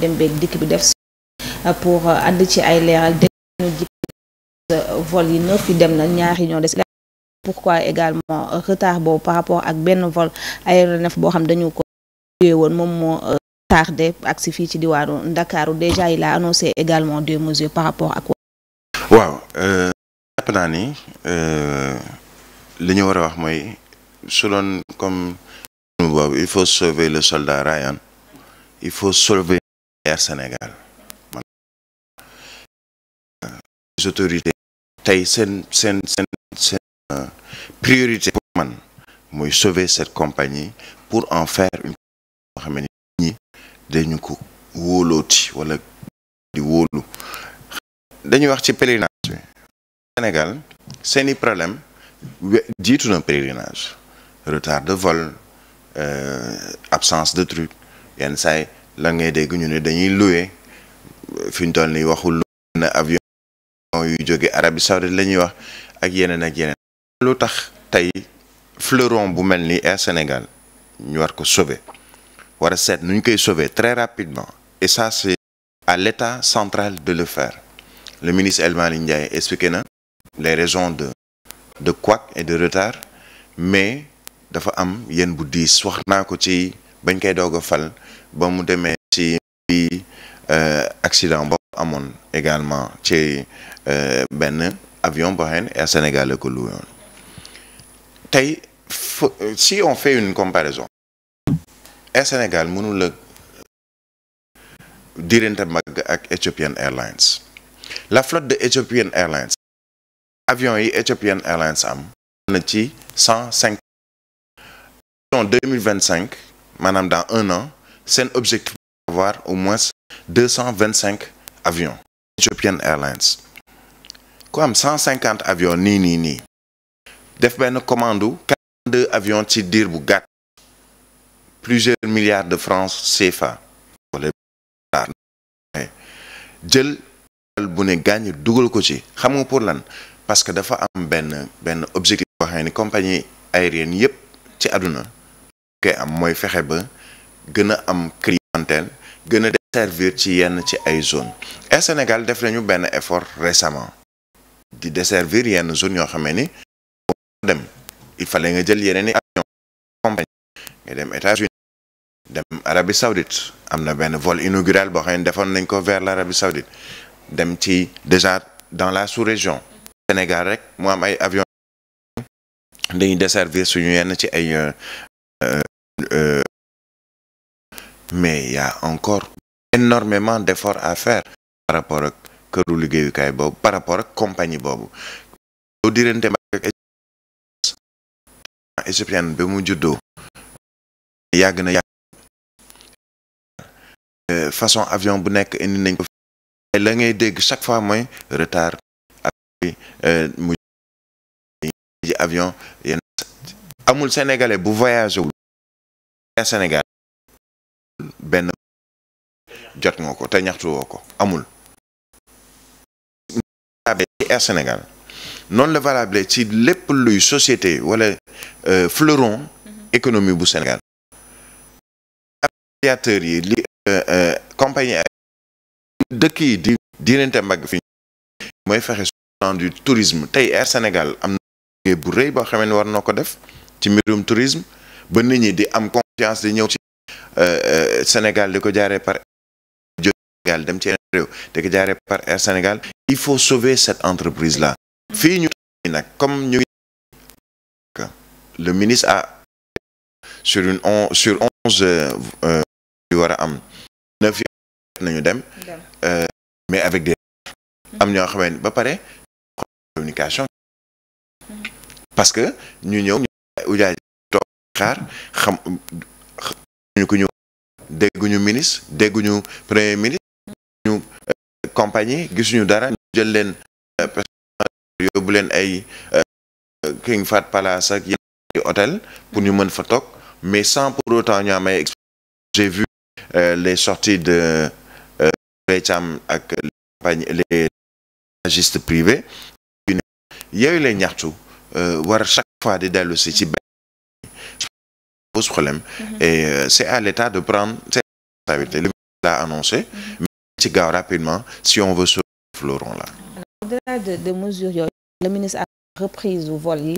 dem beeg dikk bi def pour euh, ànd ci ay leeral vol yi neuf yi dem na ñaari ñoo des pourquoi également euh, retard boobu par rapport ak benn vol aéronef boo xam dañu ko woon moom moo euh, tardé ak si fii ci diwaanu Ndakaaru déjà il la annoncé également des mesures par rapport ak waaw li ñu war a wax mooy su doon comme il faut sauver le soldat Ryan il faut sauver Air Sénégal euh, man mooy sauver cette compagnie pour en faire ko wóolooti wax ci pèlerinage seeni problème jiitu na pèlerinage retard de vol euh, absence de truc yenn saay lan dégg ñu ne dañuy loué fi ñu toll nii waxul na avion yu jóge Arabie Saoudite la ñuy wax ak yeneen ak yeneen. lu tax tey fleuron bu mel ni Air Sénégal ñu war ko sobe wara seet nuñ koy sauver très rapidement et ça c'est à l'état centrale de le faire le ministre El Malick Ndiaye expliqué na les raisons de de couac et de retard mais dafa am yenn bu diis wax naa ko ci. bañ koy doog a fal ba mu demee ci bi euh, accident ba amoon également ci euh, benn avion boo xam ne Air Sénégal la ko loué tey si on fait une comparaison Air Sénégal mënul diirante mag ak Ethiopian Airlines la flotte de Ethiopian Airlines avion yi Ethiopian Airlines am na ci cent cinq en deux mille vingt cinq maanaam dans un an seen objectif avoir au moins deux cent vingt cinq avions Ethiopian Airlines ku am cent cinquante avions nii nii nii def benn commande quarante ci diir bu gàtt plusieurs milliards de france CFA wala jël bu ne gàññ dugal ko ci xam nga pour lan parce que dafa am benn benn objectif boo xam ne compagnie aérienne yépp ci adduna koy am mooy fexe ba gën a am clientèle gën a desservir ci yenn ci ay zone Air Sénégal def nañu benn effort récemment di desservir yenn zone yoo xamee ni dem il fale nga jël yeneen i avion compagnie nga dem États-Unis dem Arabie Saoudite am na benn vol inaugural boo xam ne defoon nañ ko vers l'Arabie Saoudite dem ci déjà dans la sous-région Sénégal rek mu am ay avion dañuy desservir suñu yenn ci ay euh, Euh, mais il encore énormément d'efforts à faire par rapport ak këru liggéeyukaay boobu par rapport ak compagnie boobu yow diggante ak bi mu juddoo yàgg na yàgg euh, façon avion bu nekk indi nañ ko la ngay dégg chaque fois mooy retard euh, mu avion yenn amul sénégalais bu voyagé Sénégal benn jot nga ko te ñaxtu woo ko amul ci Air Sénégal noonu la valable ci lépp luy société wala euh, fleuron mhm. économie bu Sénégal aviateurs yi li euh, euh, compagnie dëkk yi di diirante mbagg fi mooy fexe sur du tourisme tey Air Sénégal am na bu rëy boo xamee ne war na ko def ci mbirum tourisme ba nit ñi di am confiance di ñëw ci euh, euh, Sénégal di ko jaaree par Air Sénégal dem ci yeneen réew il faut sauver cette entreprise là fi ñu toll nag comme ñu le ministre a sur une on onze euh, yu war a am neuf yi nañu dem mais avec des mmh. am ñoo xamee ba pare communication mmh. parce que ñu ñëw ñu ujaay toog xaar xam ñu ku ñu dégguñu ministre dégguñu premier ministre euh, compagnie gisuñu dara ñu jël leen euh, yóbbu leen ay euh, King Fahd Palace ak yenn hôtel pour ñu mën fa toog mais sans pour autant ñu am ay j'ai vu les sorties de Mbaye ak les compagnie les agistes yooyu lay ñaxtu war chaque fois di dellu ci benn pose problème mhm. et euh, c'est à l'État de prendre ses responsabilités le ministre l'a annoncé mhm. mais ci gaaw rapidement si on veut ce fleuron là au-delà de mesures le ministre a reprise vol yi